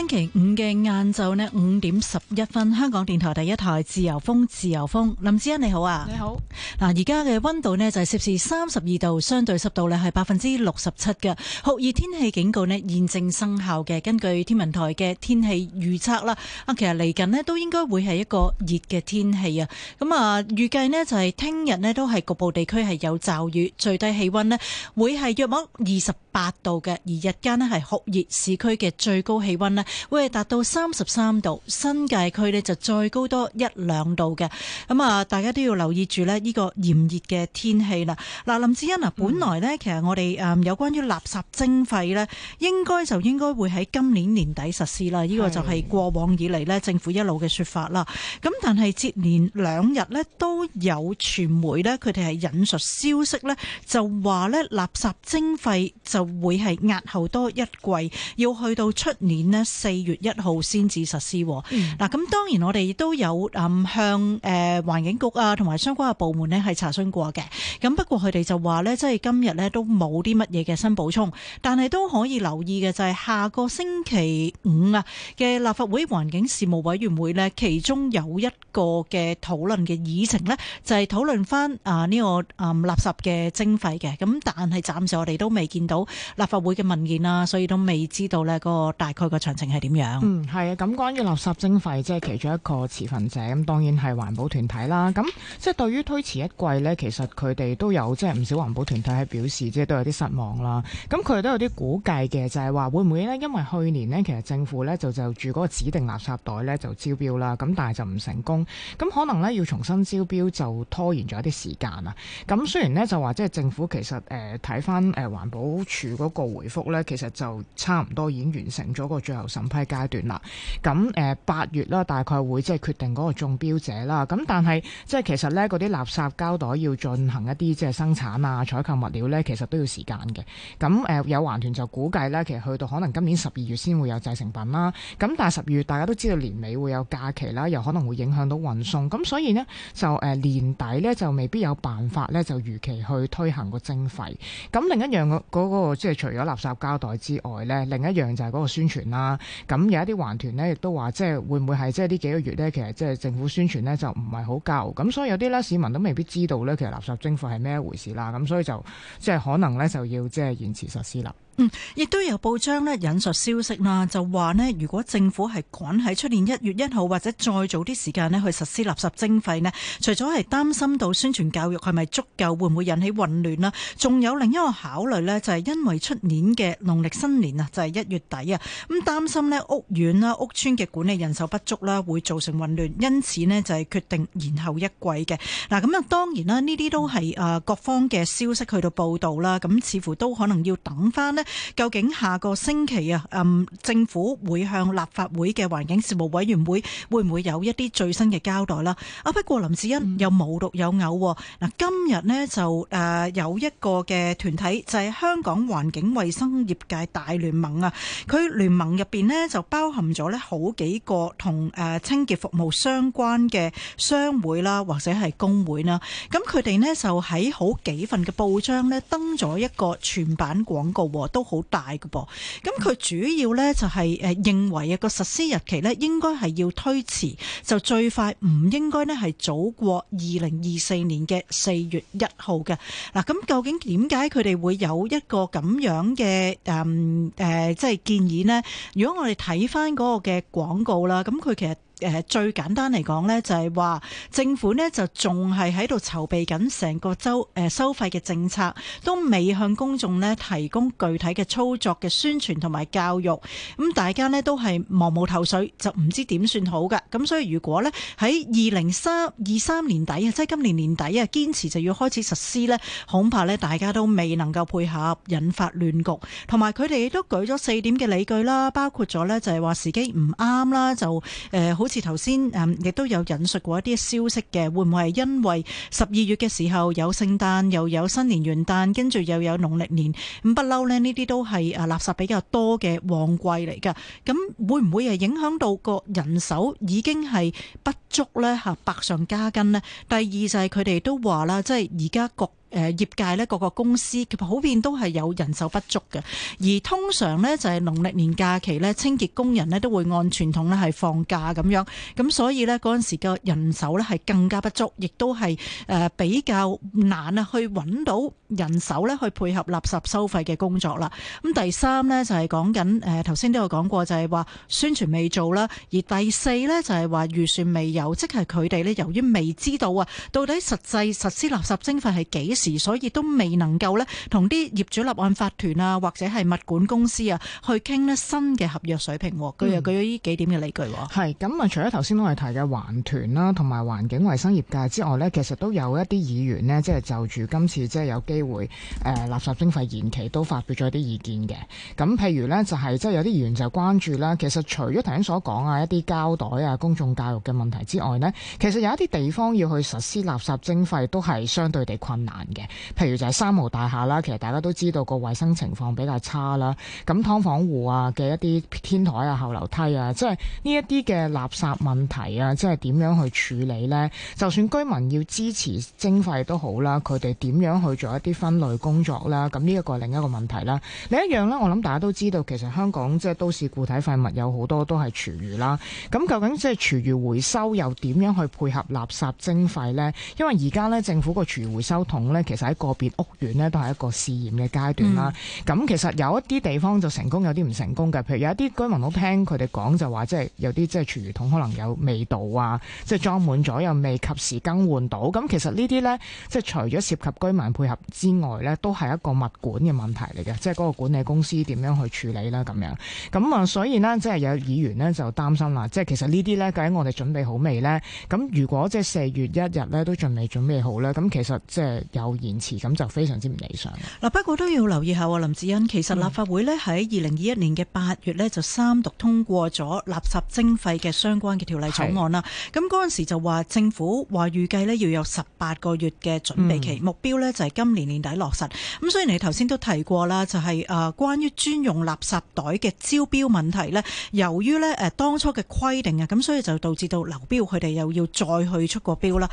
星期五嘅晏晝呢，五點十一分，香港電台第一台自由風，自由風，林子欣你好啊，你好。嗱，而家嘅溫度呢，就係攝氏三十二度，相對濕度呢係百分之六十七嘅酷熱天氣警告呢，現正生效嘅。根據天文台嘅天氣預測啦，啊，其實嚟緊呢，都應該會係一個熱嘅天氣啊。咁、呃、啊，預計呢，就係聽日呢，都係局部地區係有驟雨，最低氣溫呢，會係約莫二十八度嘅，而日間呢係酷熱，市區嘅最高氣溫呢會係達到三十三度，新界區呢就再高多一兩度嘅。咁啊，大家都要留意住呢呢個炎熱嘅天氣啦。嗱，林志欣啊，嗯、本來呢其實我哋誒有關於垃圾徵費呢應該就應該會喺今年年底實施啦。呢、呢個就係過往以嚟呢，政府一路嘅說法啦。咁但係接連兩日呢都有傳媒呢，佢哋係引述消息呢就話呢垃圾徵費就就會係押後多一季，要去到出年四月一號先至實施。嗱、嗯，咁當然我哋都有向誒環境局啊，同埋相關嘅部門呢係查詢過嘅。咁不過佢哋就話呢，即係今日呢都冇啲乜嘢嘅新補充。但係都可以留意嘅就係下個星期五啊嘅立法會環境事務委員會呢，其中有一個嘅討論嘅議程呢，就係、係、討論翻啊呢個誒垃圾嘅徵費嘅。咁但係暫時我哋都未見到。立法會嘅文件啦，所以都未知道呢個大概個詳情係點樣。嗯，係啊，咁關於垃圾徵費，即係其中一個持份者，咁當然係環保團體啦。咁即係對於推遲一季呢，其實佢哋都有即係唔少環保團體係表示，即係都有啲失望啦。咁佢哋都有啲估計嘅，就係話會唔會呢？因為去年呢，其實政府呢，就就住嗰個指定垃圾袋呢，就招標啦，咁但係就唔成功，咁可能呢，要重新招標就拖延咗一啲時間啦。咁雖然呢，就話即係政府其實誒睇翻誒環保。住嗰個回覆咧，其實就差唔多已經完成咗個最後審批階段啦。咁誒八月啦，大概會即係決定嗰個中標者啦。咁但係即係其實咧，嗰啲垃圾膠袋要進行一啲即係生產啊、採購物料咧，其實都要時間嘅。咁誒、呃、有環團就估計咧，其實去到可能今年十二月先會有製成品啦。咁但係十二月大家都知道年尾會有假期啦，又可能會影響到運送。咁所以咧就誒、呃、年底咧就未必有辦法咧就如期去推行個徵費。咁另一樣嗰嗰個。即係除咗垃圾膠袋之外呢，另一樣就係嗰個宣傳啦。咁有一啲環團呢，亦都話即係會唔會係即係呢幾個月呢，其實即係政府宣傳呢，就唔係好夠咁，所以有啲呢市民都未必知道呢，其實垃圾徵費係咩一回事啦。咁所以就即係可能呢，就要即係延遲實施啦。嗯，亦都有報章呢引述消息啦，就話呢，如果政府係趕喺出年一月一號或者再早啲時間呢去實施垃圾徵費呢，除咗係擔心到宣傳教育係咪足夠，會唔會引起混亂啦，仲有另一個考慮呢，就係因為出年嘅農曆新年啊就係一月底啊，咁擔心呢，屋苑啦、屋邨嘅管理人手不足啦，會造成混亂，因此呢就係決定延後一季嘅。嗱，咁啊當然啦，呢啲都係誒各方嘅消息去到報道啦，咁似乎都可能要等翻。究竟下個星期啊，嗯，政府會向立法會嘅環境事務委員會會唔會有一啲最新嘅交代啦？啊，不過林志恩又無獨有偶嗱，今日呢就誒有一個嘅團體就係香港環境衛生業界大聯盟啊，佢聯盟入邊呢就包含咗呢好幾個同誒清潔服務相關嘅商會啦，或者係工會啦，咁佢哋呢就喺好幾份嘅報章呢登咗一個全版廣告。都好大嘅噃，咁佢主要咧就係、是、誒認為一個實施日期咧應該係要推遲，就最快唔應該咧係早過二零二四年嘅四月一號嘅。嗱，咁究竟點解佢哋會有一個咁樣嘅誒誒即係建議咧？如果我哋睇翻嗰個嘅廣告啦，咁佢其實。誒最簡單嚟講呢就係話政府呢就仲係喺度籌備緊成個周收費嘅政策，都未向公眾呢提供具體嘅操作嘅宣傳同埋教育，咁大家呢都係茫無頭緒，就唔知點算好㗎。咁所以如果呢喺二零三二三年底啊，即係今年年底啊，堅持就要開始實施呢，恐怕呢大家都未能夠配合，引發亂局。同埋佢哋亦都舉咗四點嘅理據啦，包括咗呢就係話時機唔啱啦，就誒好。呃。好似頭先亦都有引述過一啲消息嘅，會唔會係因為十二月嘅時候有聖誕，又有新年元旦，跟住又有農曆年，唔不嬲呢，呢啲都係誒垃圾比較多嘅旺季嚟㗎，咁會唔會係影響到個人手已經係不足呢？嚇，百上加斤呢？第二就係佢哋都話啦，即係而家各。誒業界呢個個公司普遍都係有人手不足嘅。而通常呢，就係農曆年假期呢，清潔工人呢都會按傳統呢係放假咁樣，咁所以呢，嗰陣時嘅人手呢係更加不足，亦都係誒比較難啊去揾到人手呢去配合垃圾收費嘅工作啦。咁第三呢，就係講緊誒頭先都有講過，就係話宣傳未做啦，而第四呢，就係話預算未有，即係佢哋呢由於未知道啊到底實際實施垃圾徵費係幾時所以都未能夠咧同啲業主立案法團啊，或者係物管公司啊，去傾呢新嘅合約水平啊。佢又、嗯、舉咗呢幾點嘅理據，係咁啊，除咗頭先我哋提嘅環團啦，同埋環境衛生業界之外呢，其實都有一啲議員呢，即係就住、是、今次即係有機會誒、呃、垃圾徵費延期，都發表咗一啲意見嘅。咁譬如呢，就係即係有啲議員就關注啦，其實除咗頭先所講啊，一啲膠袋啊、公眾教育嘅問題之外呢，其實有一啲地方要去實施垃圾徵費都係相對地困難。嘅，譬如就係三毛大廈啦，其實大家都知道個衛生情況比較差啦。咁劏房戶啊嘅一啲天台啊、後樓梯啊，即係呢一啲嘅垃圾問題啊，即係點樣去處理呢？就算居民要支持徵費都好啦，佢哋點樣去做一啲分類工作啦？咁呢一個係另一個問題啦。另一樣呢，我諗大家都知道，其實香港即係都市固體廢物有好多都係廚餘啦。咁究竟即係廚餘回收又點樣去配合垃圾徵費呢？因為而家呢，政府個廚餘回收桶呢其實喺個別屋苑咧，都係一個試驗嘅階段啦。咁、嗯、其實有一啲地方就成功，有啲唔成功嘅。譬如有一啲居民都聽佢哋講就話，即係有啲即係廚餘桶可能有味道啊，即係裝滿咗又未及時更換到。咁其實呢啲咧，即係除咗涉及居民配合之外咧，都係一個物管嘅問題嚟嘅，即係嗰個管理公司點樣去處理啦咁樣。咁啊，所以呢，即係有議員咧就擔心啦，即係其實呢啲咧究竟我哋準備好未咧？咁如果即係四月一日咧都仲未準備好咧，咁其實即係有。延遲咁就非常之唔理想嗱，不過都要留意一下喎，林志恩。其實立法會呢，喺二零二一年嘅八月呢，就三讀通過咗垃圾徵費嘅相關嘅條例草案啦。咁嗰陣時就話政府話預計呢，要有十八個月嘅準備期，嗯、目標呢就係今年年底落實。咁所以你頭先都提過啦，就係、是、誒關於專用垃圾袋嘅招標問題呢。由於呢，誒當初嘅規定啊，咁所以就導致到流標，佢哋又要再去出個標啦。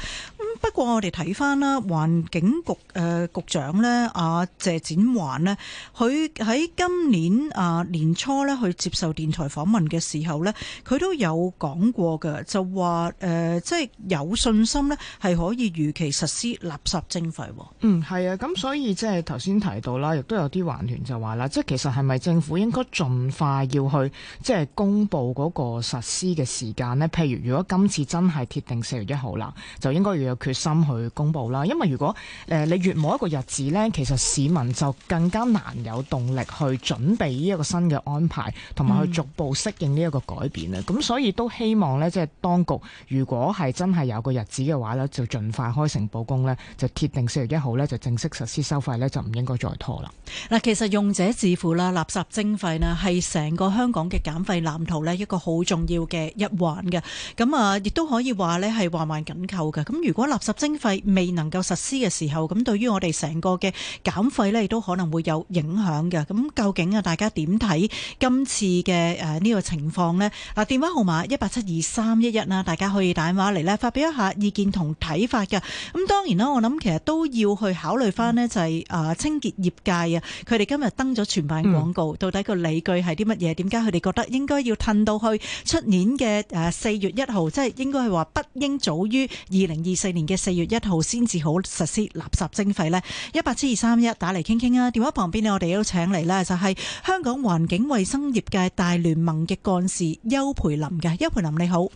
不過我哋睇翻啦，環境。局誒、呃、局長呢，阿、啊、謝展寰呢，佢喺今年啊、呃、年初呢去接受電台訪問嘅時候呢，佢都有講過嘅，就話：呃「誒，即係有信心呢，係可以如期實施垃圾徵費。嗯，係啊，咁所以即係頭先提到啦，亦都有啲環團就話：「啦，即係其實係咪政府應該盡快要去即係、就是、公布嗰個實施嘅時間呢？譬如如果今次真係鐵定四月一號啦，就應該要有決心去公布啦。因為如果誒。呃誒，你越冇一個日子呢，其實市民就更加難有動力去準備呢一個新嘅安排，同埋去逐步適應呢一個改變啊！咁、嗯、所以都希望呢，即係當局如果係真係有個日子嘅話呢，就儘快開成佈工開誠佈公呢，就決定四月一號呢就正式實施收費呢，就唔應該再拖啦。嗱，其實用者自負啦，垃圾徵費呢係成個香港嘅減費藍圖呢一個好重要嘅一環嘅。咁啊，亦都可以話呢係環環緊扣嘅。咁如果垃圾徵費未能夠實施嘅時候，咁對於我哋成個嘅減費咧，亦都可能會有影響嘅。咁究竟啊，大家點睇今次嘅呢個情況呢？嗱，電話號碼一八七二三一一啦，大家可以打電話嚟咧，發表一下意見同睇法嘅。咁當然啦，我諗其實都要去考慮翻呢、就係，就係啊，清潔業界啊，佢哋今日登咗全版廣告，嗯、到底個理據係啲乜嘢？點解佢哋覺得應該要褪到去出年嘅四月一號，即、就、係、係、應該係話不應早於二零二四年嘅四月一號先至好實施。垃圾徵費呢，一八七二三一打嚟傾傾啊！電話旁邊呢，我哋都請嚟咧，就係、是、香港環境衛生業界大聯盟嘅幹事邱培林嘅，邱培林，邱培林你好。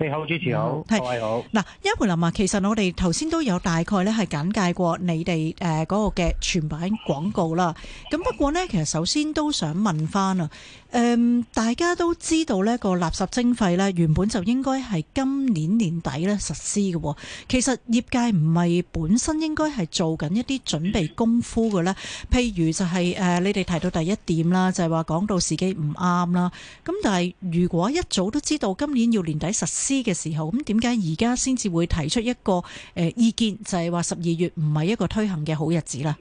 你好，主持好，嗯、各位好。嗱，邱培林啊，其實我哋頭先都有大概咧，係簡介過你哋誒嗰個嘅全版廣告啦。咁不過咧，其實首先都想問翻啊，誒、呃，大家都知道咧、嗰個垃圾徵費咧，原本就應該係今年年底咧實施嘅、哦。其實業界唔係本身應該係做緊一啲準備功夫嘅咧，譬如就係、是、誒、呃，你哋提到第一點啦，就係、是、話講到時機唔啱啦。咁但係如果一早都知道今年要年底實施。知嘅時候，咁點解而家先至會提出一個誒、呃、意見，就係話十二月唔係一個推行嘅好日子啦？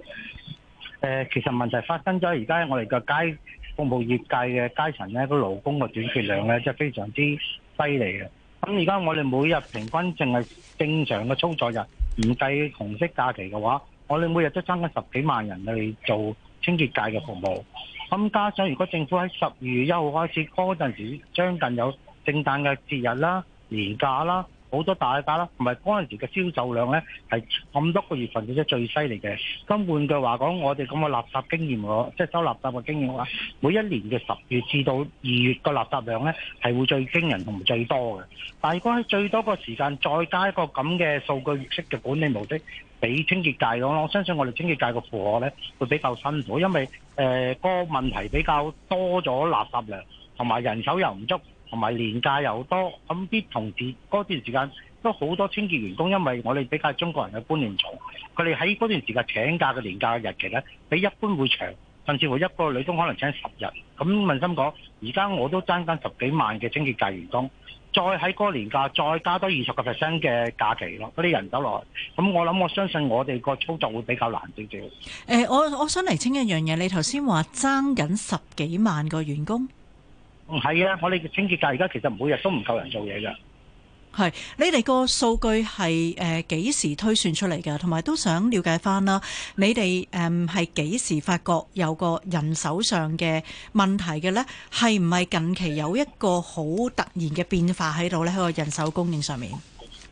誒其實問題發生咗，而家我哋嘅街服務業界嘅階層咧，個勞工嘅短缺量咧，即係非常之犀利嘅。咁而家我哋每日平均淨係正常嘅操作日，唔計紅色假期嘅話，我哋每日都增加十幾萬人去做清潔界嘅服務。咁、嗯嗯嗯、加上如果政府喺十二月一號開始嗰陣時，將近有聖誕嘅節日啦。年假啦，好多大假啦，同埋嗰陣時嘅銷售量咧係咁多個月份嘅啫，就是、最犀利嘅。咁換句話講，我哋咁嘅垃圾經驗，我即係收垃圾嘅經驗話，每一年嘅十月至到二月個垃圾量咧係會最驚人同埋最多嘅。但係如果喺最多個時間再加一個咁嘅數據式嘅管理模式，俾清潔界囉，我相信我哋清潔界嘅負荷咧會比較辛苦，因為誒、呃嗰個問題比較多咗垃圾量，同埋人手又唔足。同埋年假又多，咁啲同事嗰段時間都好多清潔員工，因為我哋比較中國人嘅觀念重，佢哋喺嗰段時間請假嘅年假日期咧，比一般會長，甚至乎一個女工可能請十日。咁問心講，而家我都爭緊十幾萬嘅清潔界員工，再喺嗰年假再加多二十個 percent 嘅假期咯，嗰啲人走落去，咁我諗我相信我哋個操作會比較難少少。誒、欸，我我想嚟清一樣嘢，你頭先話爭緊十幾萬個員工。唔係啊！我哋嘅清潔界而家其實每日都唔夠人做嘢㗎。係，你哋個數據係誒幾時推算出嚟嘅？同埋都想了解翻啦，你哋誒係幾時發覺有個人手上嘅問題嘅咧？係唔係近期有一個好突然嘅變化喺度咧？喺個人手供應上面。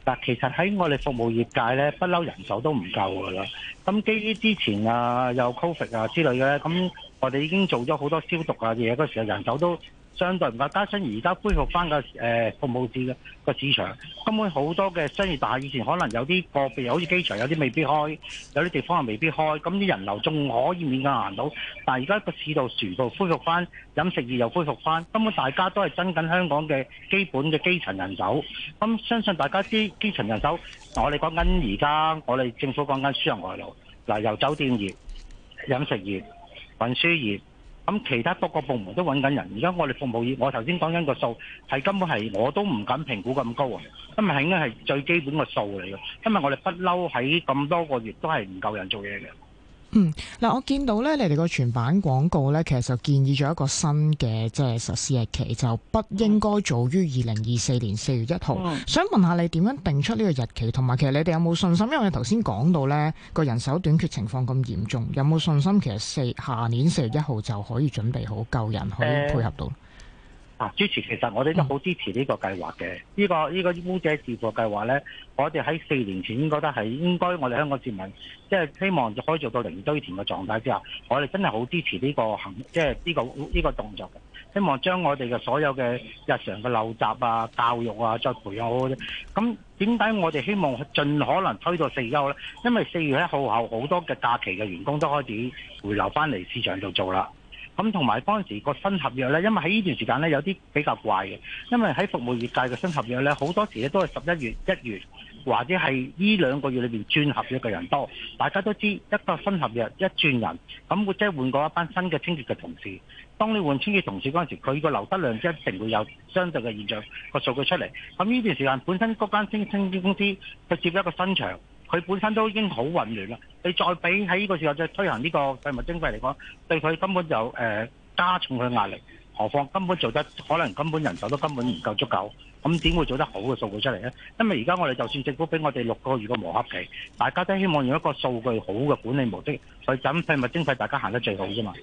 嗱，其實喺我哋服務業界咧，不嬲人手都唔夠噶啦。咁基於之前啊，有 Covid 啊之類嘅咧，咁我哋已經做咗好多消毒啊嘢，嗰時候人手都。相對唔夠，加上而家恢復翻個誒服務業嘅個市場，根本好多嘅商業大廈以前可能有啲個別，好似機場有啲未必開，有啲地方又未必開，咁啲人流仲可以勉強行到。但係而家個市道，全部恢復翻，飲食業又恢復翻，根本大家都係爭緊香港嘅基本嘅基層人手。咁相信大家啲基層人手，我哋講緊而家，我哋政府講緊輸入外勞，嗱由酒店業、飲食業、運輸業。咁其他多個部門都揾緊人，而家我哋服務業，我頭先講緊個數係根本係我都唔敢評估咁高啊，因為係應該係最基本個數嚟嘅，因為我哋不嬲喺咁多個月都係唔夠人做嘢嘅。嗯，嗱，我見到咧，你哋個全版廣告咧，其實就建議咗一個新嘅即係實施日期，就不應該早於二零二四年四月一號。嗯、想問下你點樣定出呢個日期，同埋其實你哋有冇信心？因為你頭先講到咧，個人手短缺情況咁嚴重，有冇信心其實四下年四月一號就可以準備好夠人可以配合到？呃啊！支持其實我哋都好支持呢個計劃嘅，呢、呢個呢、呢個污者自付計劃呢，我哋喺四年前應該都得係應該我哋香港市民，即係希望可以做到零堆填嘅狀態之下，我哋真係好支持呢個行，即係呢個呢、呢個動作嘅。希望將我哋嘅所有嘅日常嘅陋習啊、教育啊，再培養好啲。咁點解我哋希望盡可能推到四月休呢？因為四月一號後好多嘅假期嘅員工都開始回流翻嚟市場度做啦。咁同埋嗰陣時個新合約呢，因為喺呢段時間呢，有啲比較怪嘅，因為喺服務業界嘅新合約呢，好多時咧都係十一月、一月或者係呢兩個月裏面轉合約嘅人多。大家都知一個新合約一轉人，咁即係換過一班新嘅清潔嘅同事。當你換清潔同事嗰陣時，佢個流失量一定會有相對嘅現象個數據出嚟。咁呢段時間本身嗰間清潔公司佢接一個新場。佢本身都已經好混亂啦，你再俾喺呢個時候再推行呢個廢物徵費嚟講，對佢根本就、呃、加重佢壓力，何況根本做得可能根本人手都根本唔夠足夠，咁、嗯、點會做得好嘅數據出嚟呢？因為而家我哋就算政府俾我哋六個月嘅磨合期，大家都希望用一個數據好嘅管理模式，去整廢物徵費，大家行得最好啫嘛。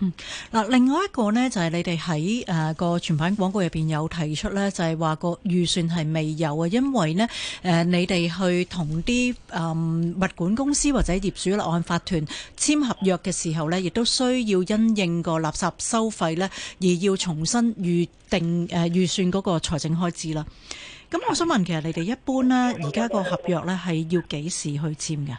嗯，嗱，另外一個呢，就係、是、你哋喺誒個全版廣告入邊有提出呢，就係話個預算係未有啊，因為呢，誒、呃、你哋去同啲誒、嗯、物管公司或者業主立案法團簽合約嘅時候呢，亦都需要因應個垃圾收費呢，而要重新預定誒、呃、預算嗰個財政開支啦。咁我想問，其實你哋一般呢，而家個合約呢，係要幾時去簽㗎？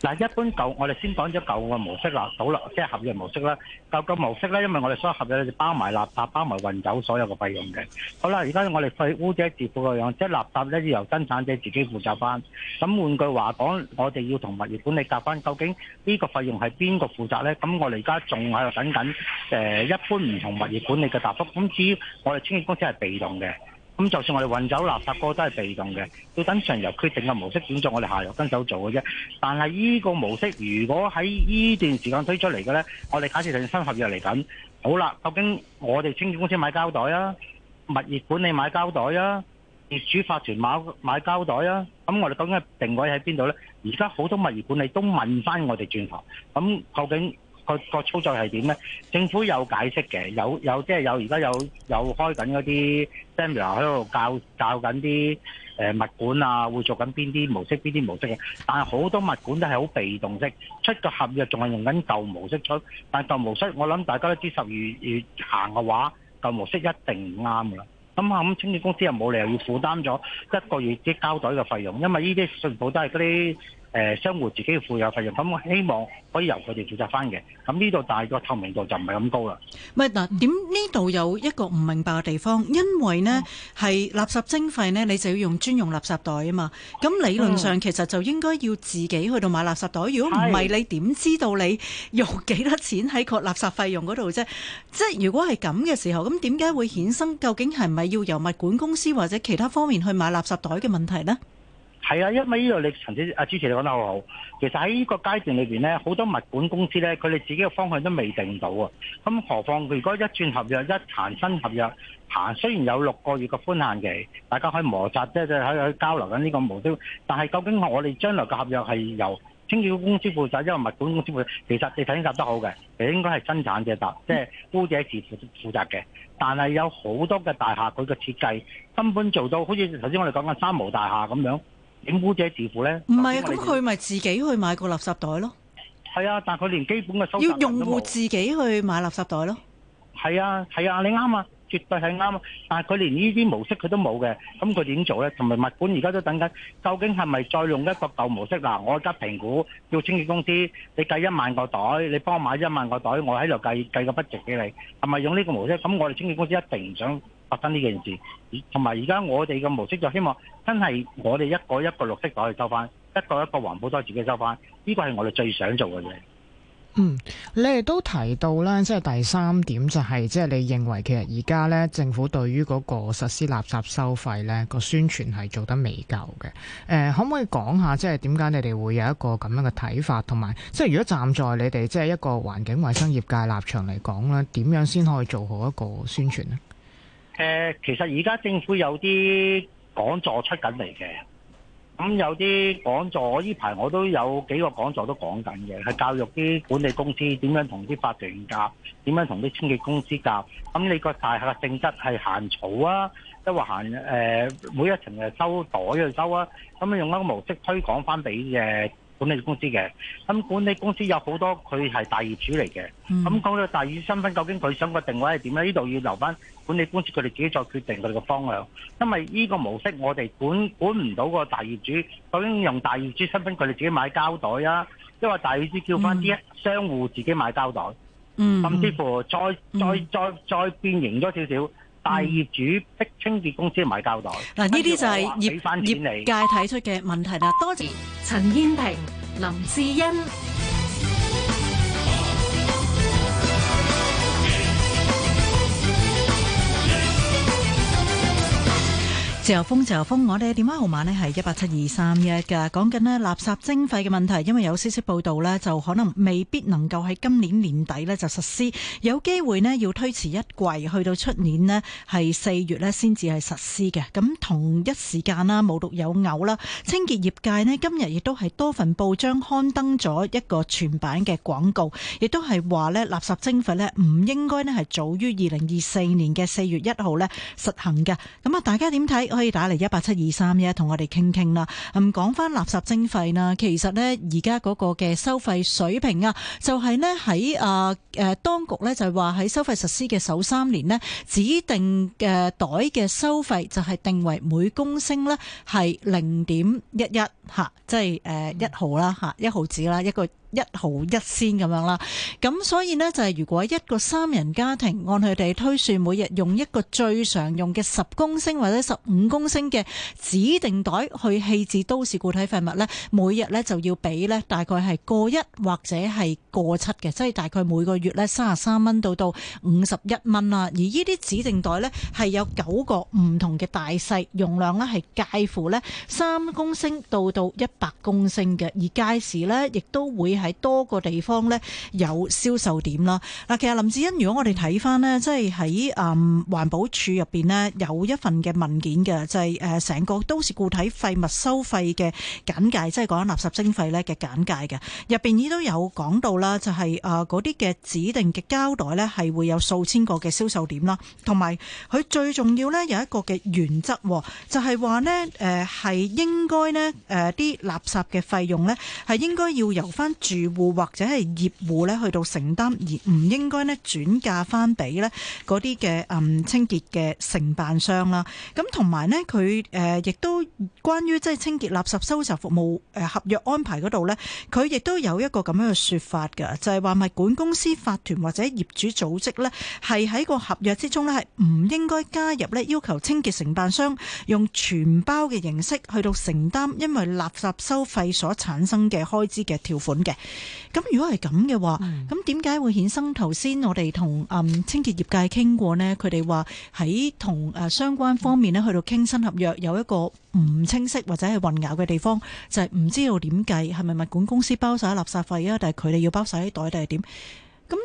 嗱，一般舊我哋先講咗舊嘅模式啦，倒啦即係合約模式啦，舊嘅模式咧，因為我哋所有合約咧就包埋垃圾、包埋運走所有嘅費用嘅。好啦，而家我哋廢污者自負嘅樣，即係垃圾咧要由生產者自己負責翻。咁換句話講，我哋要物我在在同物業管理夾翻，究竟呢個費用係邊個負責咧？咁我哋而家仲喺度等緊，誒一般唔同物業管理嘅答覆。咁至於我哋清潔公司係被動嘅。咁就算我哋運走垃圾哥都係被動嘅，要等上游決定嘅模式點做，我哋下游跟手做嘅啫。但係依個模式，如果喺依段時間推出嚟嘅咧，我哋假設就新合約嚟緊，好啦，究竟我哋清潔公司買膠袋啊，物業管理買膠袋啊，業主法團買膠袋啊，咁我哋究竟定位喺邊度咧？而家好多物業管理都問翻我哋轉頭，咁究竟？個個操作係點咧？政府有解釋嘅，有有即係有而家有有開緊嗰啲 demo 喺度教教緊啲誒物管啊，會做緊邊啲模式，邊啲模式嘅。但係好多物管都係好被動式，出個合約仲係用緊舊模式出，但舊模式我諗大家都知十二月行嘅話，舊模式一定唔啱噶啦。咁後屘清潔公司又冇理由要負擔咗一個月啲交隊嘅費用，因為呢啲信保都係嗰啲。誒，商戶自己嘅負有費用，咁我希望可以由佢哋負責翻嘅。咁呢度大個透明度就唔係咁高啦。唔係嗱，點呢度有一個唔明白嘅地方，因為呢係、嗯、垃圾徵費呢你就要用專用垃圾袋啊嘛。咁理論上、嗯、其實就應該要自己去到買垃圾袋。如果唔係，你點知道你用幾多錢喺個垃圾費用嗰度啫？即係如果係咁嘅時候，咁點解會衍生究竟係咪要由物管公司或者其他方面去買垃圾袋嘅問題呢？係啊，因為呢度你陳姐、阿主持你講得好好，其實喺呢個階段裏邊咧，好多物管公司咧，佢哋自己嘅方向都未定到啊。咁何況佢如果一轉合約、一談新合約談，雖然有六個月嘅寬限期，大家可以磨擦即係即係喺度交流緊呢個模式。但係究竟我哋將來嘅合約係由清潔公司負責，因為物管公司負責其實你頭先答得好嘅，你應該係生產者答，即係污者自付負責嘅。但係有好多嘅大廈佢嘅設計根本做到，好似頭先我哋講緊三無大廈咁樣。點估者自負咧？唔係啊，咁佢咪自己去買個垃圾袋咯？係啊，但係佢連基本嘅收集都冇。要用戶自己去買垃圾袋咯？係啊，係啊，你啱啊，絕對係啱。啊。但係佢連呢啲模式佢都冇嘅，咁佢點做咧？同埋物管而家都在等緊，究竟係咪再用一個舊模式嗱、啊？我而家評估叫清潔公司，你計一萬個袋，你幫我買一萬個袋，我喺度計計個筆值俾你，係咪用呢個模式？咁我哋清潔公司一定唔想。發生呢件事，同埋而家我哋嘅模式就希望真係我哋一個一個綠色袋去收翻，一個一個環保袋自己收翻。呢個係我哋最想做嘅嘢。嗯，你哋都提到啦，即係第三點就係即係你認為其實而家呢政府對於嗰個實施垃圾收費呢個宣傳係做得未夠嘅。誒、呃，可唔可以講下即係點解你哋會有一個咁樣嘅睇法？同埋即係如果站在你哋即係一個環境衛生業界立場嚟講呢，點樣先可以做好一個宣傳呢？誒，其實而家政府有啲講座出緊嚟嘅，咁有啲講座呢排我都有幾個講座都講緊嘅，係教育啲管理公司點樣同啲法團夾，點樣同啲清潔公司夾，咁你個大廈嘅性質係行草啊，即係話行誒、呃，每一層誒收袋去收啊，咁樣用一個模式推廣翻俾誒。管理公司嘅，咁、嗯、管理公司有好多佢係大業主嚟嘅，咁、嗯、講、嗯嗯、到大業主身份，究竟佢想個定位係點咧？呢度要留翻管理公司佢哋自己再決定佢哋嘅方向，因為呢個模式我哋管管唔到個大業主，究竟用大業主身份佢哋自己買膠袋啊，因為大業主叫翻啲商戶自己買膠袋，嗯嗯、甚至乎再、嗯、再再再變形咗少少。大、嗯、業主逼清潔公司買膠袋，嗱，呢啲就係業業界提出嘅問題啦。多謝陳燕婷、林志恩。自由風，自由風，我哋嘅電話號碼呢係一八七二三一㗎。講緊呢垃圾徵費嘅問題，因為有消息報道呢，就可能未必能夠喺今年年底呢就實施，有機會呢，要推遲一季，去到出年呢，係四月呢先至係實施嘅。咁同一時間啦，冇獨有偶啦，清潔業界呢，今日亦都係多份報章刊登咗一個全版嘅廣告，亦都係話呢，垃圾徵費呢唔應該呢係早於二零二四年嘅四月一號呢實行嘅。咁啊，大家點睇？可以打嚟一八七二三一，同我哋傾傾啦。咁講翻垃圾徵費啦，其實咧而家嗰個嘅收費水平啊，就係咧喺，啊誒、啊、當局咧就係話喺收費實施嘅首三年咧，指定嘅袋嘅收費就係定為每公升咧係零點一一吓，即係誒一毫啦吓，一毫紙啦一個。一毫一仙咁樣啦，咁所以咧就係如果一個三人家庭按佢哋推算，每日用一個最常用嘅十公升或者十五公升嘅指定袋去棄置都市固體廢物咧，每日咧就要俾咧大概係個一或者係個七嘅，即係大概每個月咧三十三蚊到到五十一蚊啦。而呢啲指定袋咧係有九個唔同嘅大細容量咧，係介乎咧三公升到到一百公升嘅，而屆時咧亦都會。喺多個地方咧有銷售點啦。嗱，其實林志恩，如果我哋睇翻咧，即係喺誒環保署入邊咧有一份嘅文件嘅，就係誒成個都市固體廢物收費嘅簡介，即係講垃圾徵費咧嘅簡介嘅。入邊亦都有講到啦，就係誒嗰啲嘅指定嘅膠袋咧，係會有數千個嘅銷售點啦。同埋佢最重要咧有一個嘅原則，就係話咧誒係應該咧誒啲垃圾嘅費用咧係應該要由翻。住戶或者係業戶咧，去到承擔而唔應該呢轉嫁翻俾呢嗰啲嘅，嗯，清潔嘅承辦商啦。咁同埋呢，佢誒亦都關於即係清潔垃圾收集服務誒合約安排嗰度呢，佢亦都有一個咁樣嘅說法㗎，就係話物管公司法團或者業主組織呢，係喺個合約之中呢，係唔應該加入呢要求清潔承辦商用全包嘅形式去到承擔，因為垃圾收費所產生嘅開支嘅條款嘅。咁如果係咁嘅話，咁點解會衍生頭先我哋同誒清潔業界傾過呢，佢哋話喺同誒相關方面咧，去到傾新合約有一個唔清晰或者係混淆嘅地方，就係唔知道點計係咪物管公司包晒垃圾費啊，定係佢哋要包晒啲袋，定係點？咁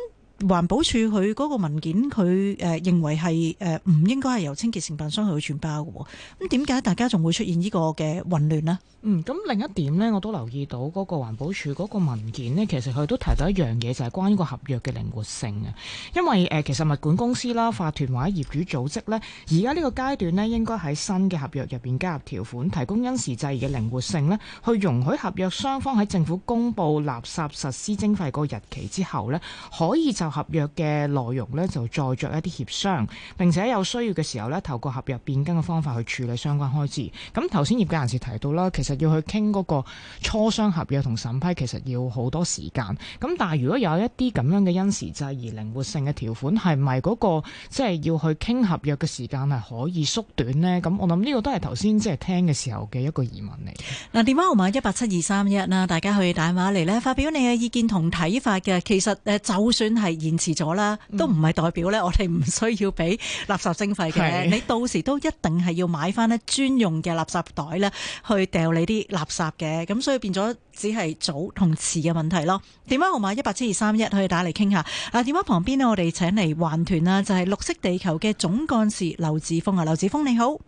環保署佢嗰個文件佢誒認為係誒唔應該係由清潔承辦商去轉包嘅，咁點解大家仲會出現呢個嘅混亂呢？嗯，咁另一點呢，我都留意到嗰個環保署嗰個文件呢，其實佢都提到一樣嘢，就係關於個合約嘅靈活性啊。因為誒，其實物管公司啦、法團或者業主組織呢，而家呢個階段呢，應該喺新嘅合約入邊加入條款，提供因時制宜嘅靈活性呢，去容許合約雙方喺政府公布垃圾實施徵費個日期之後呢，可以就合約嘅內容呢，就再作一啲協商，並且有需要嘅時候呢，透過合約變更嘅方法去處理相關開支。咁頭先業界人士提到啦，其實要去傾嗰個磋商合約同審批，其實要好多時間。咁但係如果有一啲咁樣嘅因時制宜、靈活性嘅條款，係咪嗰個即係要去傾合約嘅時間係可以縮短呢？咁我諗呢個都係頭先即係聽嘅時候嘅一個疑問嚟。嗱，電話號碼一八七二三一啦，大家去打電話嚟呢發表你嘅意見同睇法嘅。其實誒，就算係，延遲咗啦，都唔係代表咧，我哋唔需要俾垃圾徵費嘅。的你到時都一定係要買翻呢專用嘅垃圾袋咧，去掉你啲垃圾嘅。咁所以變咗只係早同遲嘅問題咯。電話號碼一八七二三一，可以打嚟傾下。嗱，電話旁邊呢，我哋請嚟環團啦就係、是、綠色地球嘅總幹事劉祉鋒。啊，劉祉鋒，你好。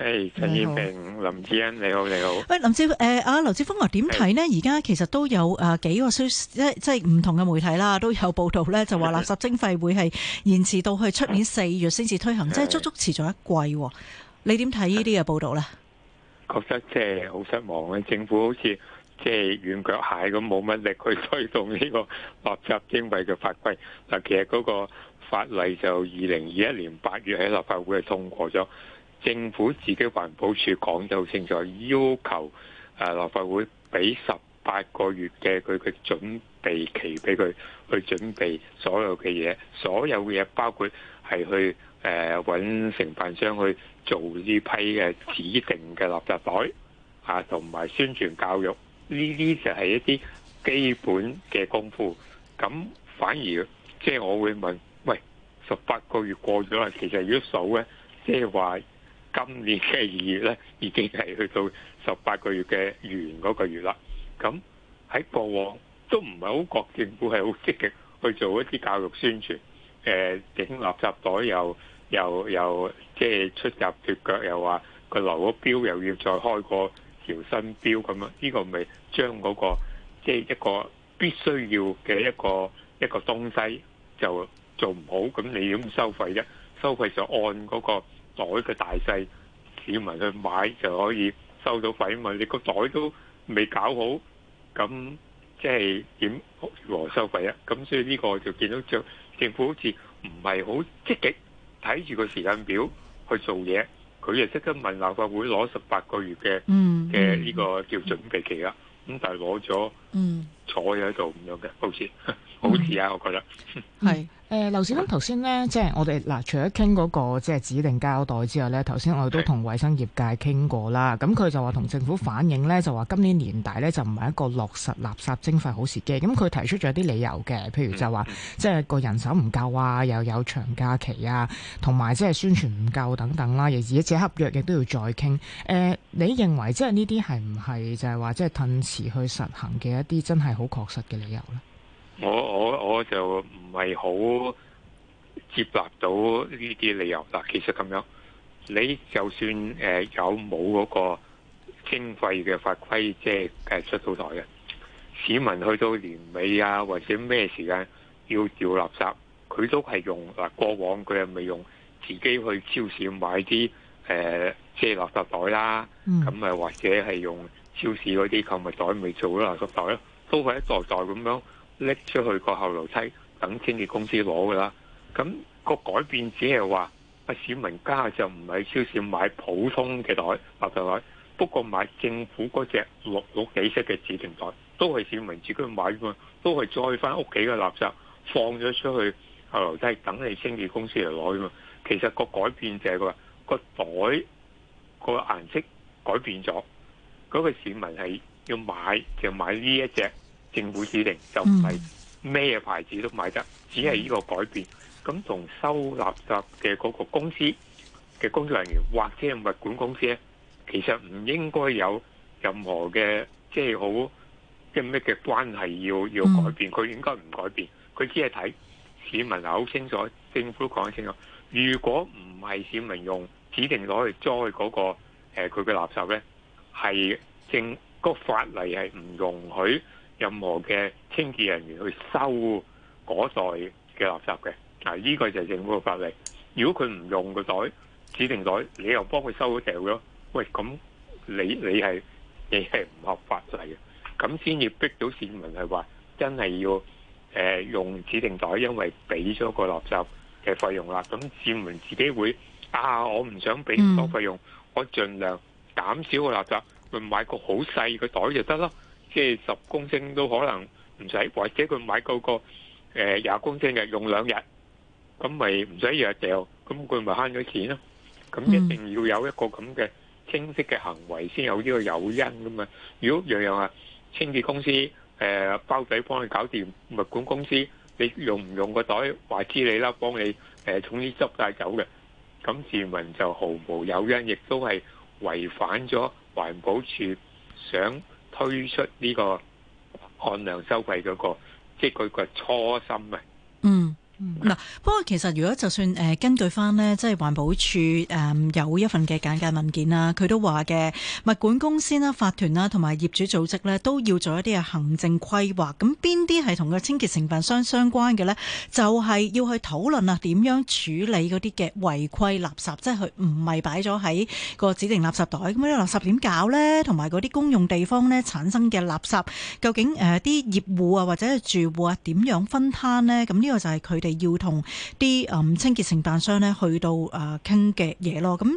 誒，陳燕明、好林志恩，你好，你好。喂，林志誒，阿劉祉鋒又點睇呢？而家是其實都有誒幾個消息，即係唔同嘅媒體啦，都有報道咧，就話垃圾徵費會係延遲到去出年四月先至推行，即係是足足遲咗一季。你點睇呢啲嘅報道咧？覺得即係好失望啊！政府好似即係軟腳蟹咁，冇乜力去推動呢個垃圾徵費嘅法規。嗱，其實嗰個法例就二零二一年八月喺立法會係通過咗。政府自己環保署講得好清楚，要求誒立法會俾十八個月嘅佢嘅準備期俾佢去準備所有嘅嘢，所有嘅嘢包括係去誒搵承辦商去做呢批嘅指定嘅垃圾袋，啊同埋宣傳教育呢啲就係一啲基本嘅功夫。咁反而即係、就是、我會問，喂，十八個月過咗啦，其實如果數咧，即係話。今年嘅二月咧，已經係去到十八個月嘅完嗰個月啦。咁喺過往都唔係好覺政府係好積極去做一啲教育宣傳，誒整垃圾袋又又又即係出入脫腳又話佢留嗰標又要再開個條新標咁啊！呢、這個咪將嗰、那個即係一個必須要嘅一個一個東西就做唔好，咁你點收費啫？收費就按嗰、那個。袋嘅大細，市民去買就可以收到費嘛。你個袋都未搞好，咁即係點如何收費啊？咁所以呢個就見到就政府好似唔係好積極睇住個時間表去做嘢，佢就識得問立法會攞十八個月嘅嘅呢個叫準備期啦，咁但係攞咗。坐喺度咁樣嘅，好似好似啊，嗯、我覺得係誒、呃、劉志恩頭先呢，即係我哋嗱，除咗傾嗰個即係指定交代之外呢，頭先我哋都同衞生業界傾過啦。咁佢是就話同政府反映呢，就話今年年底呢，就唔係一個落實垃圾徵費好時機。咁佢提出咗啲理由嘅，譬如就話、嗯、即係個人手唔夠啊，又有長假期啊，同埋即係宣傳唔夠等等啦、啊，而或者合約亦都要再傾。誒、呃，你認為即係呢啲係唔係就係話即係褪遲去實行嘅一啲真係？好確實嘅理由咧，我我我就唔係好接納到呢啲理由。嗱，其實咁樣，你就算誒、呃、有冇嗰個徵費嘅法規，即係誒、呃、出到台嘅市民去到年尾啊，或者咩時間要掉垃圾，佢都係用嗱過往佢係咪用自己去超市買啲誒即係垃圾袋啦？咁啊、嗯，或者係用超市嗰啲購物袋咪做咗垃圾袋咯？都係一袋袋咁樣拎出去個後樓梯，等清潔公司攞噶啦。咁、個改變只係話，市民家就唔喺超市買普通嘅袋垃圾袋，不過買政府嗰隻六綠幾色嘅指定袋，都係市民自己買嘅，都係再翻屋企嘅垃圾放咗出去後樓梯，等你清潔公司嚟攞嘅嘛。其實個改變就係、是、話、個袋、個顏色改變咗，嗰、個市民係要買就買呢一隻。政府指定就唔係咩牌子都買得，只係呢個改變。咁同收垃圾嘅嗰個公司嘅工作人員或者係物管公司咧，其實唔應該有任何嘅即係好即係咩嘅關係要要改變。佢應該唔改變，佢只係睇市民啊，好清楚，政府都講得清楚。如果唔係市民用指定攞嚟裝嗰個誒佢嘅垃圾咧，係政個法例係唔容許任何嘅清潔人員去收嗰袋嘅垃圾嘅，啊，呢個就係政府嘅法例。如果佢唔用個袋指定袋，你又幫佢收咗掉咗，喂，咁你你係你係唔合法制嘅。咁先至逼到市民係話，真係要誒、呃、用指定袋，因為俾咗個垃圾嘅費用啦。咁市民自己會啊，我唔想俾咁多費用，我盡量減少個垃圾，咪買個好細嘅袋就得咯。即係十公升都可能唔使，或者佢買夠個誒廿公升嘅用兩日，咁咪唔使日掉，咁佢咪慳咗錢咯。咁一定要有一個咁嘅清晰嘅行為，先有呢個誘因噶嘛。如果樣樣話清潔公司誒包仔幫你搞掂，物管公司你用唔用個袋，話知你啦，幫你誒從呢執帶走嘅，咁市民就毫無誘因，亦都係違反咗環保署想。推出呢個按量收費嗰個，即係佢個初心啊。嗯。嗱，嗯、不過其實如果就算誒根據翻呢即係環保署誒有一份嘅簡介文件啦，佢都話嘅物管公司啦、法團啦同埋業主組織呢都要做一啲嘅行政規劃。咁邊啲係同個清潔成分相相關嘅呢？就係、係、要去討論啊，點樣處理嗰啲嘅違規垃圾，即係佢唔係擺咗喺個指定垃圾袋。咁啲垃圾點搞呢？同埋嗰啲公用地方呢產生嘅垃圾，究竟誒啲業戶啊或者係住戶啊點樣分攤呢？咁呢個就係佢哋。要同啲嗯清潔承辦商呢去到啊傾嘅嘢咯，咁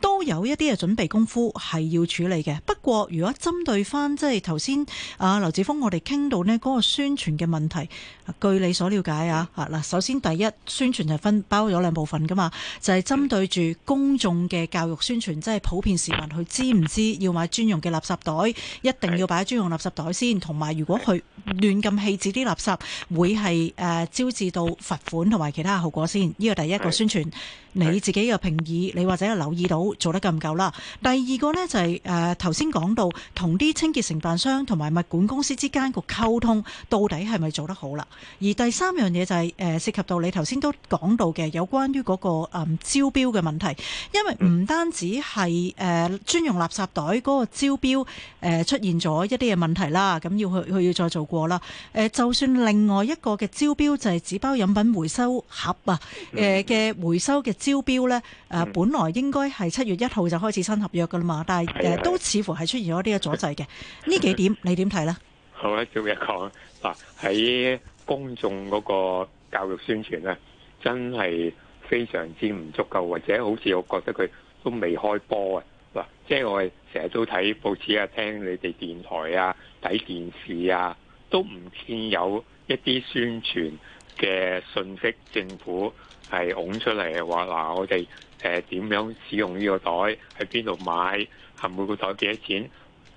都有一啲嘅準備功夫係要處理嘅。不過如果針對翻即係頭先啊劉祉鋒我哋傾到呢嗰個宣傳嘅問題，據你所了解啊嗱，首先第一宣傳就分包咗兩部分噶嘛，就係、是、針對住公眾嘅教育宣傳，即係普遍市民佢知唔知要買專用嘅垃圾袋，一定要擺專用垃圾袋先。同埋如果佢亂咁棄置啲垃圾，會係啊招致到罰。款同埋其他後果先，呢個第一個宣傳。你自己嘅評議，你或者係留意到做得夠唔夠啦？第二個咧就係誒頭先講到同啲清潔承辦商同埋物管公司之間個溝通，到底係咪做得好啦？而第三樣嘢就係、是、誒、呃、涉及到你頭先都講到嘅有關於嗰、那個誒、嗯、招標嘅問題，因為唔單止係誒專用垃圾袋嗰個招標誒、呃、出現咗一啲嘅問題啦，咁要去去要再做過啦。誒、呃、就算另外一個嘅招標就係、是、紙包飲品回收盒啊，誒、呃、嘅回收嘅。招標咧，誒，本來應該係七月一號就開始新合約嘅啦嘛，嗯、但係誒都似乎係出現咗啲嘅阻滯嘅。呢的幾點你點睇咧？好咧，逐個講。嗱，喺公眾嗰個教育宣傳咧，真係非常之唔足夠，或者好似我覺得佢都未開波呀。嗱，即係我哋成日都睇報紙啊，聽你哋電台啊，睇電視啊，都唔見有一啲宣傳嘅信息，政府。係拱出嚟嘅話嗱，我哋誒點樣使用呢個袋？喺邊度買？係每個袋幾多錢？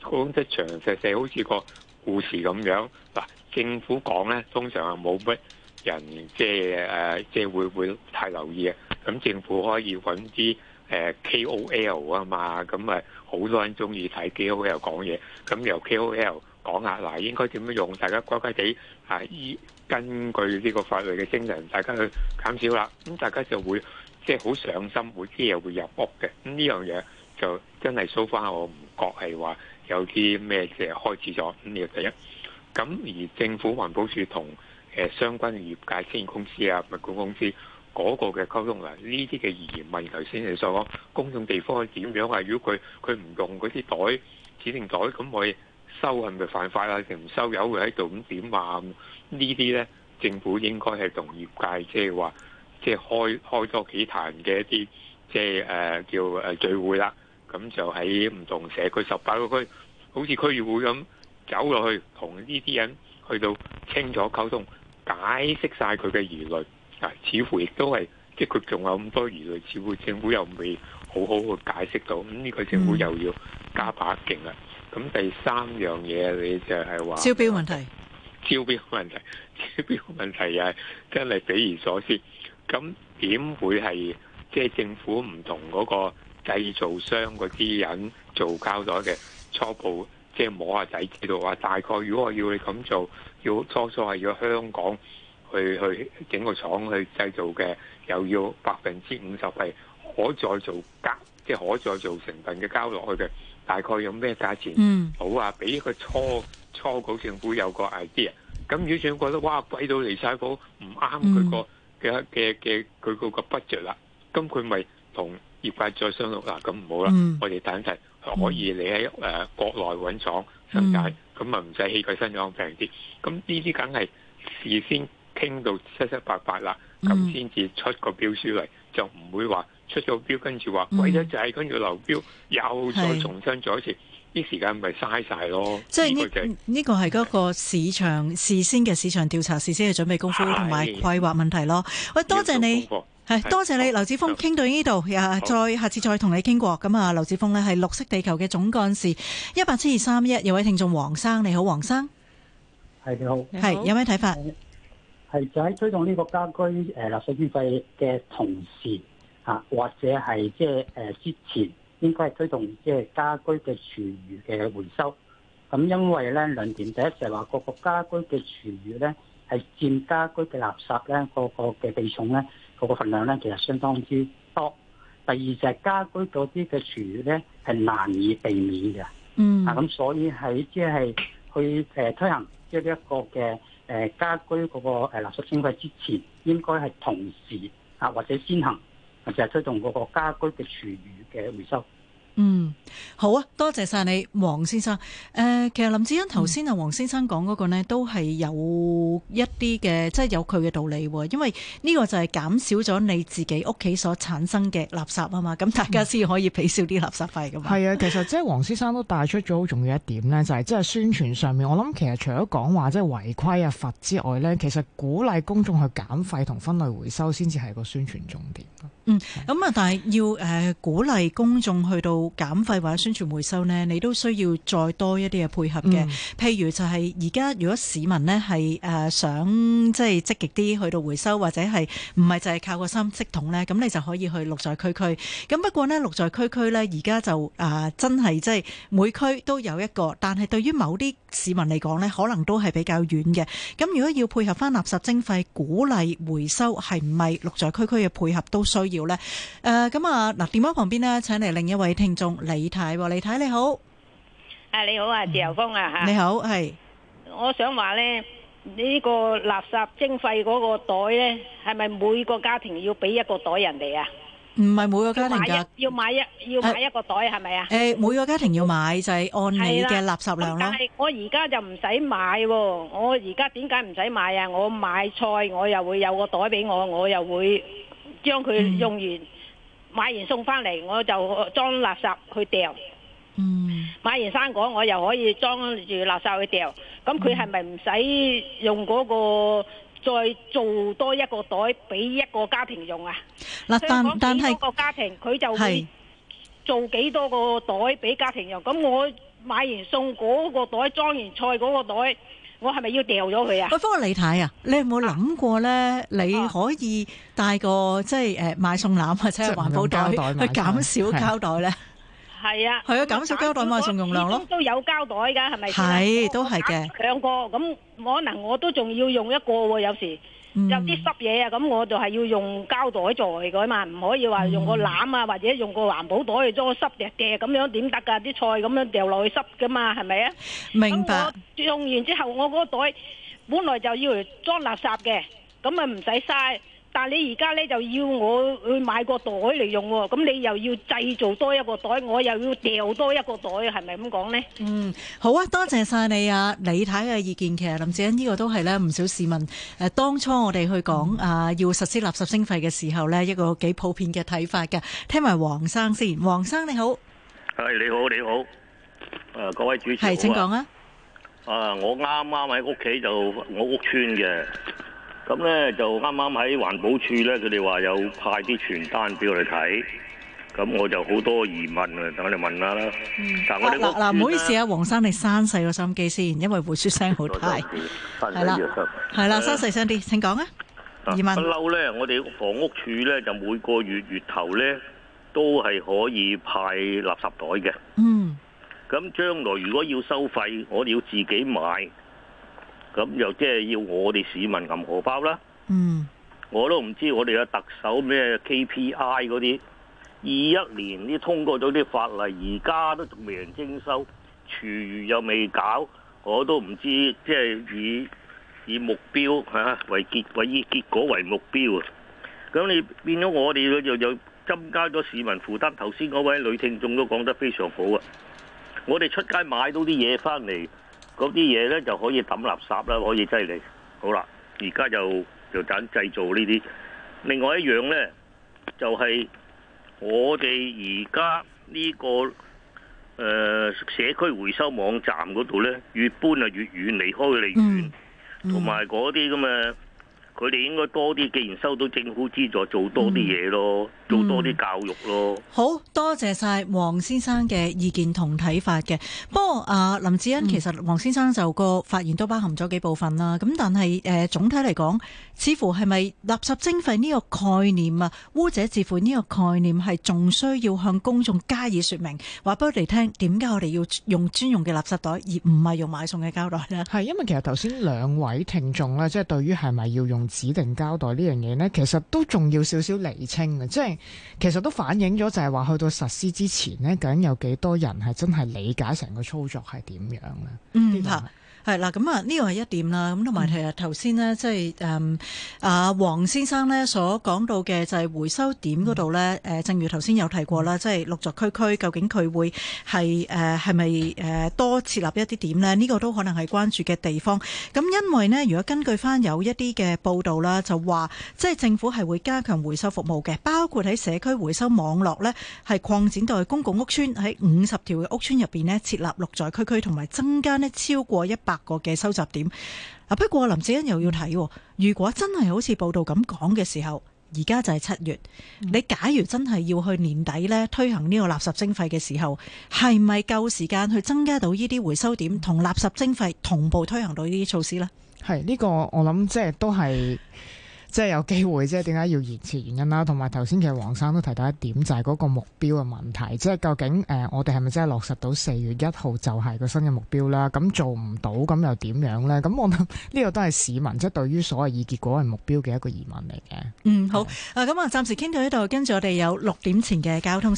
講得詳詳細細，好似個故事咁樣。嗱、啊，政府講咧，通常係冇乜人即係誒、啊、即係會會太留意嘅。咁政府可以揾啲誒 KOL 啊嘛，咁咪好多人中意睇 KOL 講嘢。咁由 KOL。講啊，嗱，應該點樣用？大家乖乖地啊，依根據呢個法律嘅精神，大家去減少啦。咁大家就會即係好上心，會啲嘢會入屋嘅。咁呢樣嘢就真係 so far，我唔覺係話有啲咩嘅開始咗。咁呢個第一。咁而政府環保署同誒、呃、相關業界、經營公司啊、物管公司嗰、那個嘅溝通嗱，呢啲嘅疑問，頭、啊、先你所講公眾地方點樣啊？如果佢佢唔用嗰啲袋指定袋，咁我。收係咪犯法啦？成唔收有佢喺度咁點話？呢啲咧，政府應該係同業界即係話，即係開開多幾談嘅一啲即係誒叫誒聚會啦。咁就喺唔同社區、十八個區，好似區議會咁走落去同呢啲人去到清楚溝通，解釋晒佢嘅疑慮啊！似乎亦都係即係佢仲有咁多疑慮，似乎政府又未好好去解釋到。咁呢個政府又要加把勁啊！咁第三樣嘢，你就係話招，招，招標問題，招標問題，招標問題又係，真係匪夷所思，咁點會係即係政府唔同嗰個製造商嗰啲人做膠袋嘅初步？即係摸下底知道話，大概如果我要你咁做，要初初係要香港去去整個廠去製造嘅，又要百分之五十係可再做膠，即係可再做成分嘅膠落去嘅。大概用咩價錢？好啊，俾個初初稿政府有個 idea。咁如果政府覺得哇貴到離晒譜，唔啱佢個嘅嘅嘅佢個 budget 啦，咁佢咪同業界再商討啦。咁唔好啦，嗯、我哋等一可以你喺誒、呃、國內揾廠，新界，咁啊唔使起佢新廠平啲？咁呢啲梗係事先傾到七七八八啦，咁先至出個標書嚟，就唔會話。出咗標，跟住話貴咗仔，跟住流標，又再重新再一次，啲時間咪嘥晒咯。即係呢呢個係嗰個市場事先嘅市場調查、事先嘅準備功夫同埋規劃問題咯。喂，多謝你，係多謝你，劉祉鋒，傾到呢度，再下次再同你傾過。咁啊，劉祉鋒係係綠惜地球嘅總幹事，一八七二三一。有位聽眾黃生，你好，黃生。係你好，係有咩睇法？係就喺推動呢個家居誒垃圾收費嘅同時。啊，或者係即係誒之前應該係推動即係家居嘅廚餘嘅回收。咁因為咧兩點，第一就係話個個家居嘅廚餘咧係佔家居嘅垃圾咧個個嘅比重咧個個份量咧其實相當之多。第二就係家居嗰啲嘅廚餘咧係難以避免嘅。嗯。啊，咁所以喺即係去誒推行一一個嘅誒家居嗰個誒垃圾徵費之前，應該係同時啊或者先行。就係推動個家居嘅廚餘嘅回收。嗯，好啊，多謝晒你，黃先生、呃。其實林志恩頭先啊，黃先生講嗰、那個呢，嗯、都係有一啲嘅，即、就、係、是、有佢嘅道理喎。因為呢個就係減少咗你自己屋企所產生嘅垃圾啊嘛，咁大家先可以俾少啲垃圾費㗎嘛。係啊、嗯，其實即係黃先生都帶出咗好重要一點呢， 就係即係宣傳上面。我諗其實除咗講話即係違規啊罰之外呢，其實鼓勵公眾去減廢同分類回收先至係個宣傳重點。嗯，咁啊，但係要誒鼓勵公眾去到減費或者宣傳回收咧，你都需要再多一啲嘅配合嘅。譬如就係而家如果市民咧係誒想即係積極啲去到回收或者係唔係就係靠個三色桶咧，咁你就可以去綠在區區，咁不過咧，綠在區區咧而家就啊、呃、真係即係每區都有一個，但係對於某啲市民嚟講咧，可能都係比較遠嘅。咁如果要配合翻垃圾徵費鼓勵回收，係唔係綠在區區嘅配合都需要？叫咧，誒，咁啊，嗱，電話旁邊咧，請嚟另一位聽眾李太。李太你好。誒，你好啊，自由風啊吓，你好。係，我想話咧，呢個垃圾徵費嗰個袋咧，係咪每個家庭要俾一個袋人哋啊？唔係每個家庭噶，要買一要買一個袋係咪啊？誒，每個家庭要買就係按你嘅垃圾量啦。係，我而家就唔使買，我而家點解唔使買啊？我買菜我又會有個袋俾我，我又會。將佢用完，買完送翻嚟，我就裝垃圾去掟。嗯，買完生果我又可以裝住垃圾去掟。咁佢係咪唔使用嗰個再做多一個袋俾一個家庭用啊？嗱，但唔但係個家庭佢就會做幾多個袋俾家庭用。咁我買完送嗰個袋，裝完菜嗰個袋。我係咪要掉咗佢啊？喂，不過李太啊，你有冇諗過咧？你可以帶個即係誒買餸籃啊，或者係環保袋去減少膠袋咧。係啊，係啊，減少膠袋買餸用量咯。都有膠袋㗎，係咪？係，都係嘅。兩個咁，可能我都仲要用一個喎，有時。有啲濕嘢啊，咁我就係要用膠袋做嘅嘛，唔可以話用個籃啊，或者用個環保袋去裝濕嘢，掉咁樣點得噶？啲菜咁樣掉落去濕噶嘛，係咪啊？明白。我用完之後，我嗰個袋本來就要裝垃圾嘅，咁啊唔使嘥。但係你而家咧就要我去買個袋嚟用喎，咁你又要製造多一個袋，我又要掉多一個袋，係咪咁講咧？嗯，好啊，多謝晒你啊，李太嘅意見，其實林子欣呢個都係咧唔少市民誒，當初我哋去講啊要實施垃圾徵費嘅時候咧一個幾普遍嘅睇法嘅。聽埋黃生先，黃生，你好，誒你好你好，誒各位主持，係請講啊，啊我啱啱喺屋企就我屋邨嘅。咁咧就啱啱喺環保署咧，佢哋話有派啲傳單俾我哋睇，咁我就好多疑問啊，等我哋問下啦。嗱、啊、嗱，唔好意思啊，黃生，你收細個收音機先，因為回旋聲好大。係啦，係啦，收細聲啲，請講啊。疑問？不嬲咧，我哋房屋署咧就每個月月頭咧都係可以派垃圾袋嘅。嗯。咁將來如果要收費，我哋要自己買。咁又即係要我哋市民揞荷包啦。嗯，我都唔知我哋有特首咩 KPI 嗰啲，二一年啲通過咗啲法例，而家都仲未人徵收，廚餘又未搞，我都唔知即係以以目標嚇、啊、為結為以結果為目標啊。咁你變咗我哋又又增加咗市民負擔。頭先嗰位女聽眾都講得非常好啊，我哋出街買到啲嘢翻嚟。嗰啲嘢咧就可以抌垃圾啦，可以係你好啦，而家就就揀製造呢啲。另外一樣咧，就係、是、我哋而家呢個誒、呃、社區回收網站嗰度咧，越搬啊越遠離開，離遠。嗯、mm. mm.。同埋嗰啲咁嘅，佢哋應該多啲，既然收到政府資助，做多啲嘢咯。做多啲教育咯、嗯，好多謝晒黃先生嘅意見同睇法嘅。不過啊，林子恩，嗯、其實黃先生就個發言都包含咗幾部分啦。咁但係誒、呃，總體嚟講，似乎係咪垃圾徵費呢個概念啊，污者自付呢個概念係仲需要向公眾加以說明，話俾我哋聽，點解我哋要用專用嘅垃圾袋，而唔係用買餸嘅膠袋咧？係因為其實頭先兩位聽眾咧，即係對於係咪要用指定膠袋呢樣嘢咧，其實都仲要少少釐清嘅，即係。其實都反映咗，就係話去到實施之前呢，究竟有幾多人係真係理解成個操作係點樣呢？嗯。係啦，咁啊呢個係一點啦，咁同埋其實頭先呢，即係誒啊黃先生呢所講到嘅就係回收點嗰度呢。嗯、正如頭先有提過啦，即係綠在區區，究竟佢會係誒係咪誒多設立一啲點呢？呢、呢個都可能係關注嘅地方。咁因為呢，如果根據返有一啲嘅報道啦，就話即係政府係會加強回收服務嘅，包括喺社區回收網絡呢，係擴展到去公共屋邨，喺五十條嘅屋邨入邊呢，設立綠在區區，同埋增加呢超過一百。個嘅收集點啊，不過林志欣又要睇，如果真係好似報道咁講嘅時候，而家就係七月，你假如真係要去年底咧推行呢個垃圾徵費嘅時候，係咪夠時間去增加到呢啲回收點同垃圾徵費同步推行到呢啲措施呢？係，呢個我諗即係都係。 即係有機會，即係點解要延遲原因啦？同埋頭先其實黃生都提到一點，就係嗰個目標嘅問題，即係究竟誒、呃、我哋係咪真係落實到四月一號就係個新嘅目標啦？咁做唔到咁又點樣咧？咁我諗呢、這個都係市民即係對於所謂以結果係目標嘅一個疑問嚟嘅。嗯，好。誒咁是啊，暫時傾到呢度，跟住我哋有六點前嘅交通。